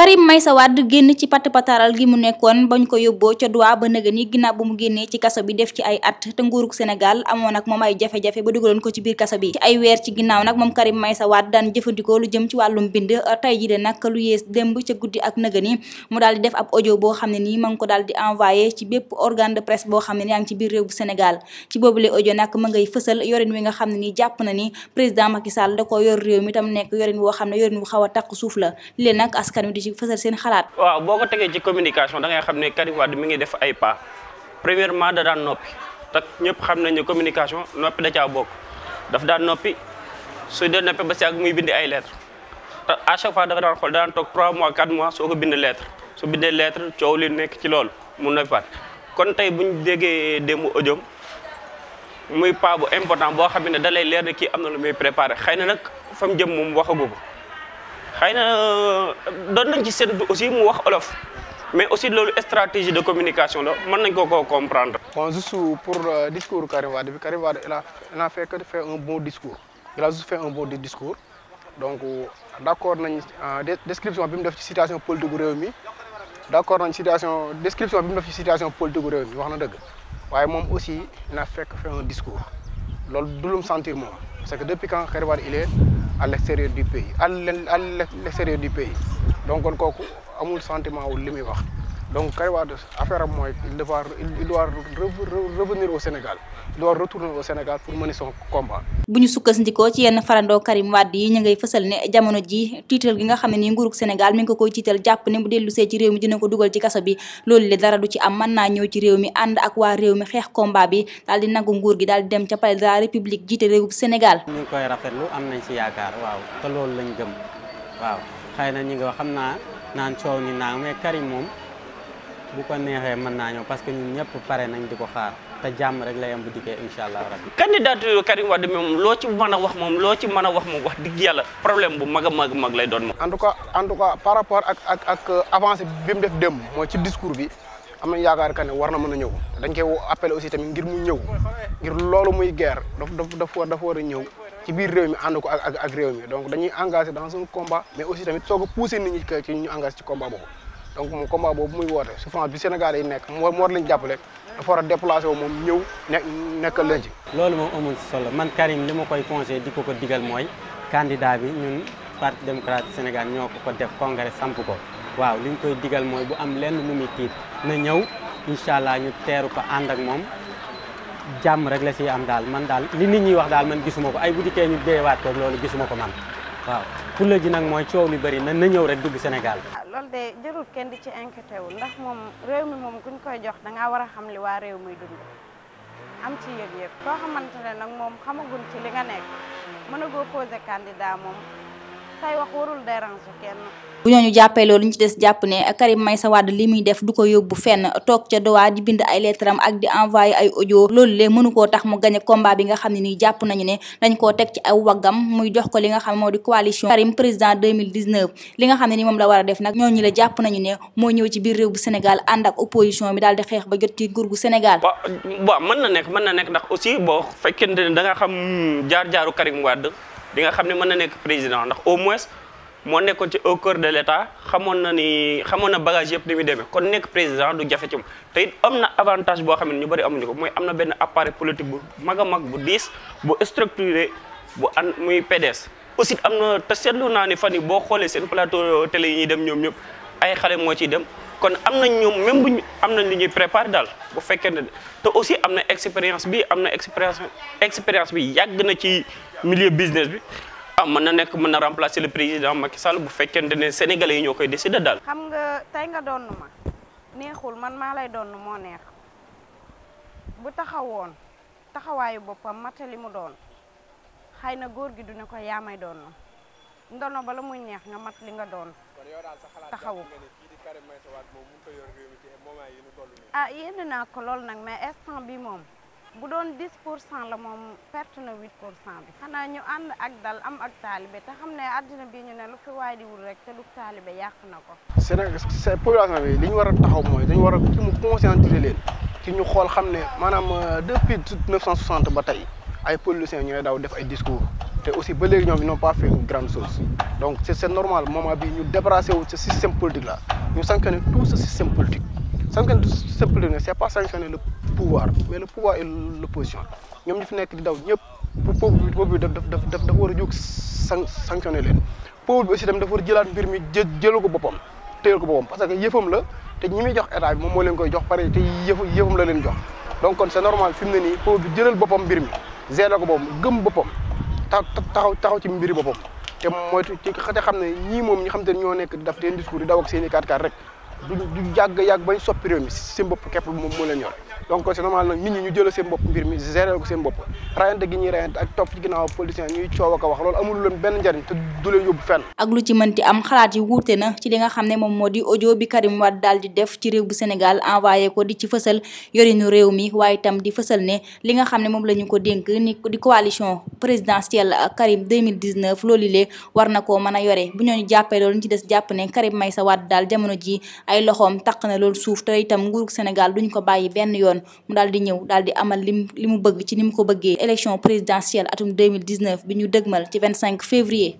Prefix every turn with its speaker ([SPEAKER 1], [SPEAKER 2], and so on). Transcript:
[SPEAKER 1] Karim Meïssa Wade génn ci pat pataral gi mu nekkoon bañ ko yóbboo ca duwaa ba nëga ni ginnaaw bu mu génnee ci kaso bi def ci ay at te nguurug Sénégal amoon ak moom ay jafe-jafe ba dugaloon ko ci biir kaso bi ci ay weer ci ginnaaw nag moom Karim Meïssa Wade daan jëfandikoo lu jëm ci wàllum bind tey ji de nag lu yées démb ca guddi ak nëga ni mu daal di def ab audio boo xam ne nii ma ngi ko daal di envoyé ci bépp organe de presse boo xam ne ni yaa ngi ci biir réew bu Sénégal ci boobule audio nag ma ngay fësal yorin wi nga xam ne nii jàpp na ni président Macky Sall da ko yor mi tam nekk yorin woo xam ne yorin bu xaw a takk suuf la ci fësal xalaat.
[SPEAKER 2] waaw boo ko tegee ci communication dangay ngay xam ne Karim Wade mi ngi def ay pas premièrement da daan noppi te ñëpp xam nañu communication noppi da caa bokk daf daan noppi su dee noppi ba si ak muy bindi ay lettres te à chaque fois dafa daan xool daan toog 3 mois 4 mois soo ko bind lettre su bindee lettre coow li nekk ci loolu mu noppiwaat kon tey bu ñu déggee démb audio muy pas bu important boo xam ne da leer ne kii am na lu muy préparé xëy na nag fa jëm moom waxagu ko xëy na euh, doon nañ ci séddu aussi mu wax olof mais aussi loolu stratégie de communication la mën nañ ko koo comprendre.
[SPEAKER 3] bon juste pour euh, discours Karim Wade bi Karim Wade il a il a fait que fait un bon discours il a juste fait un bon discours donc euh, d' accord description bi mu def ci situation politique gu réew mi d' accord nañ situation description bi mu def ci situation politique gu réew mi wax na dëgg waaye moom aussi il a fait que fait un discours loolu du lu mu sentir moom parce que depuis quand Karim Wade à l'extérieur du pays à l'extérieur du pays donc kon kooku amul sentiment wu li muy wax donc Karim Wade affaire am mooy il doit il doit revenir au Sénégal il doit retourner au Sénégal pour mener son
[SPEAKER 1] bu ñu sukkandikoo ci yenn farandoo Karim Wade yi ñu ngay fësal ne jamono ji tiital gi nga xam ne nii nguurug Sénégal mi ngi ko koy tiital jàpp ne bu dellu see ci réew mi dina ko dugal ci kaso bi loolu le dara du ci am mën naa ñëw ci réew mi ànd ak waa réew mi xeex combat bi daal di nangu nguur gi daal di dem ca palais de République jiite réewub Sénégal. ñu
[SPEAKER 4] ngi koy rafetlu am yaakaar waaw loolu lañ gëm waaw xëy na ñi xam naa naan coow ni naa bu ko neexee mën naa ñëw parce que ñun ñëpp pare nañ di ko xaar te jàmm rek lay am bu dikkee allah rabbi
[SPEAKER 2] candidature Karim Wade loo ci a wax moom loo ci mën a wax mu wax dëgg yàlla problème bu mag a mag mag lay doon moom. en tout cas en tout cas par rapport ak
[SPEAKER 3] ak ak avancée bi mu def démb mooy ci discours bi am nañ yaakaar que ne war na mën a ñëw dañ koy appelé aussi tamit ngir mu ñëw ngir loolu muy guerre daf daf dafa dafa war a ñëw. ci biir réew mi ànd ko ak ak réew mi donc dañuy engage dans un combat mais aussi tamit soog a poussé nit ñi donc moom combat boobu muy woote souffrance bi Sénégal yi nekk moo moo lañ jàppale dafa war a déplacé wu moom ñëw ne nekkal leen ci.
[SPEAKER 4] loolu moom amul solo man Karim li ma koy conseillé di ko ko digal mooy candidat bi ñun parti démocratique Sénégal ñoo ko ko def congrès samp ko waaw li ñu koy digal mooy bu am lenn lu muy tiit na ñëw incha allah ñu teeru ko ànd ak moom jàmm rek la siy am daal man daal li nit ñi wax daal man gisuma ko ay bu dikkee ñu deewaat ko loolu gisuma ko man. waaw fulla ji nag mooy coow li bëri na na ñëw rek dugg Sénégal. Ah,
[SPEAKER 5] loolu de jërul kenn di ci inquiété wu ndax moom réew mi moom kuñ koy jox da ngaa war a xam li waa réew muy dund am ci yëg-yëg koo xamante ne nag moom xamaguñ ci li nga nekk mën a goo posé candidat moom. say wax warul déranger kenn.
[SPEAKER 1] bu ñooñu jàppee loolu ñu ci des jàpp ne Karim sa wadd li muy def du ko yóbbu fenn toog ca dowa di bind ay lettre ak di envoyé ay audio loolu lee mënu koo tax mu gañ a combat bi nga xam ne nii jàpp nañu ne dañ koo teg ci ay waggam muy jox ko li nga xam moo di coalition Karim président 2019 li nga xam ne ni moom la war a def nag ñooñu la jàpp nañu ne moo ñëw ci biir réew bu Sénégal ànd ak opposition bi daal di xeex ba jot ci nguur gu Sénégal mën
[SPEAKER 2] na nekk mën na nekk ndax aussi boo fekkente ne da xam jaar jaaru Karim Wade di nga xam ne mën na nekk président ndax au moins moo nekkoon ci au cœur de l'état xamoon na ni xamoon na bagage yëpp ni muy demee kon nekk président du jafe ci moom te am na avantage boo xam ne ñu bari amuñu ko mooy am na benn appareil politique bu mag mag bu diis bu structuré bu an muy PDS aussi am na te seetlu naa ni fan yi boo xoolee seen plateau télé yi ñuy dem ñoom ñëpp ay xale moo ciy dem kon am nañ ñoom même buñ am nañ li ñuy préparer daal bu fekkee ne te aussi am na expérience bi am na expérience expérience bi yàgg na ci millier business bi ah mën na nekk mën na remplacer le président Macky Sall bu fekkente ne sénégalais yi ñoo koy décider daal.
[SPEAKER 5] xam nga tey nga doon ma neexul man maa lay doon moo neex bu taxawoon taxawaayu boppam li mu doon xëy na góor gi du ne ko yaa may doon. ndono ba la muy neex nga mat li nga doon taxawu
[SPEAKER 3] ah yéen naa
[SPEAKER 5] ko lool nag mais instant bi moom bu doon 10 pour cent la moom perte na 8 pour cent bi xanaa ñu ànd ak dal am ak taalibe te xam ne àddina bi ñu ne lu fi waay di rek te du taalibe yàq na ko
[SPEAKER 3] Sénégal population bi li ñu war a taxaw mooy dañu war a ci mu conscientiser leen ci ñu xool xam ne maanaam euh, depuis 1960 ba tey ay politiciens ñu ne daw def ay discours te aussi ba léegi ñoom ils n'ont pas fait une grande chose donc c' normal moment bi ñu débarrassé wu ce système politique là ñu sanctionné tout ce système politique sanctionné tout ce système politique nag c' est pas sanctionné le pouvoir mais le pouvoir et l' opposition ñoom ñu fi nekk di daw ñëpp pour peuple bi peuple daf daf daf dafa war a jóg san sanctionné leen peuple bi aussi tamit dafa war a jëlaat mbir mi jë jëlu ko boppam téyal ko boppam parce que yëfam la te ñi muy jox état bi moom moo leen koy jox pare te yëfu yëfam la leen jox donc kon c' est fi mu ne nii peuple bi jëlal boppam mbir mi gérer ko boppam gëm boppam tax taxaw taxaw ci mbiri boppam te mooy ci te xam ne ñii moom ñi xam te ñoo nekk daf teen discours yi daw ak i kaat kaat rek du du yàgg yàgg bañ soppi réew mi seen bopp képp moom moo leen ñor donc c'est normal ñu jëlal seen bopp mbir mi gérer ko seen bopp rayante gi ñuy rayante ak topp ci ginnaaw politicien ak a wax loolu amul benn njariñ te du leen yóbbu fenn
[SPEAKER 1] ak lu ci mënti am xalaat yi wuute na ci li nga xam ne moom moo di audio bi Karim Wade daal di def ci réew bu Sénégal envoyé ko di ci fësal yorinu réew mi waaye itam di fësal ne li nga xam ne moom la ñu ko dénk ni di coalition présidentielle Karim 2019 loolu lee war na koo mën a yore bu ñooñu jàppee loolu ñu ci des jàpp ne Karim Meïssa Wade daal jamono ji ay loxoom taq na loolu suuf te itam nguurug Sénégal duñ ko bàyyi benn yoon yoon daal di ñëw daal di amal lim li mu bëgg ci ni mu ko bëggee élection présidentielle atum 2019 bi ñu dëgmal ci 25 février